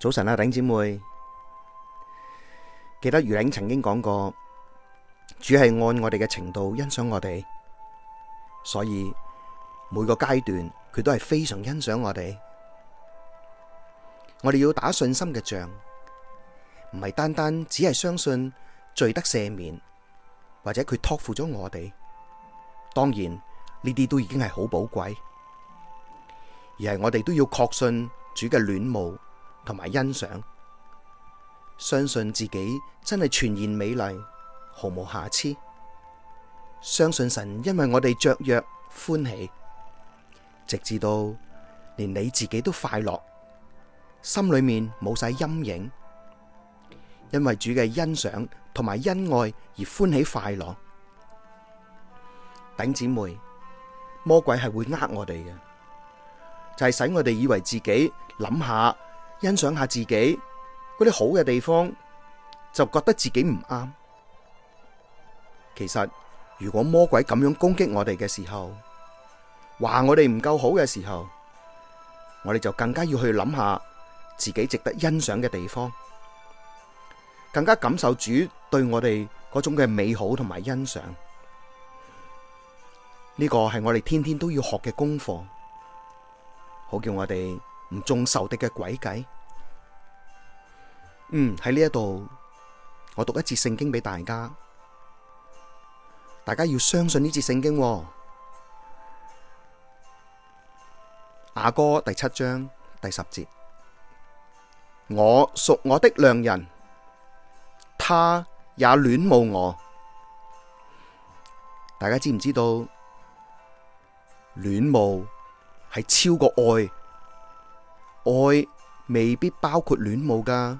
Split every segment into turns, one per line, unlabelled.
早晨啊，弟兄姐妹，記得余玲曾經講過，主係按我哋嘅程度欣賞我哋，所以每個階段佢都係非常欣賞我哋。我哋要打信心嘅仗，唔係單單只係相信罪得赦免，或者佢托付咗我哋。當然呢啲都已經係好寶貴，而係我哋都要確信主嘅戀慕。同埋欣賞，相信自己真係全然美麗，毫無瑕疵。相信神，因為我哋雀躍歡喜，直至到連你自己都快樂，心裏面冇晒陰影，因為主嘅欣賞同埋恩愛而歡喜快樂。頂姐妹，魔鬼係會呃我哋嘅，就係、是、使我哋以為自己諗下。欣賞下自己嗰啲好嘅地方，就覺得自己唔啱。其實如果魔鬼咁樣攻擊我哋嘅時候，話我哋唔夠好嘅時候，我哋就更加要去諗下自己值得欣賞嘅地方，更加感受主對我哋嗰種嘅美好同埋欣賞。呢個係我哋天天都要學嘅功課，好叫我哋。唔中仇敵嘅詭計，嗯，喺呢一度，我讀一節聖經俾大家，大家要相信呢節聖經喎。雅歌第七章第十節，我屬我的良人，他也戀慕我。大家知唔知道戀慕係超過愛？愛未必包括戀慕㗎，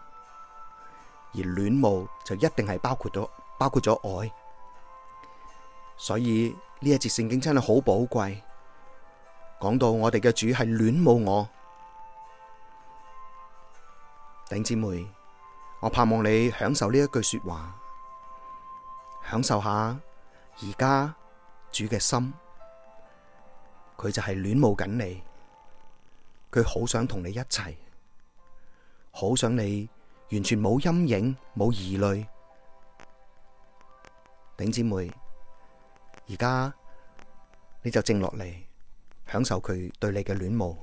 而戀慕就一定係包括咗，包括咗愛。所以呢一節聖經真係好寶貴，講到我哋嘅主係戀慕我。頂姊妹，我盼望你享受呢一句說話，享受下而家主嘅心，佢就係戀慕緊你。佢好想同你一齊，好想你完全冇陰影、冇疑慮，頂姊妹，而家你就靜落嚟，享受佢對你嘅戀慕。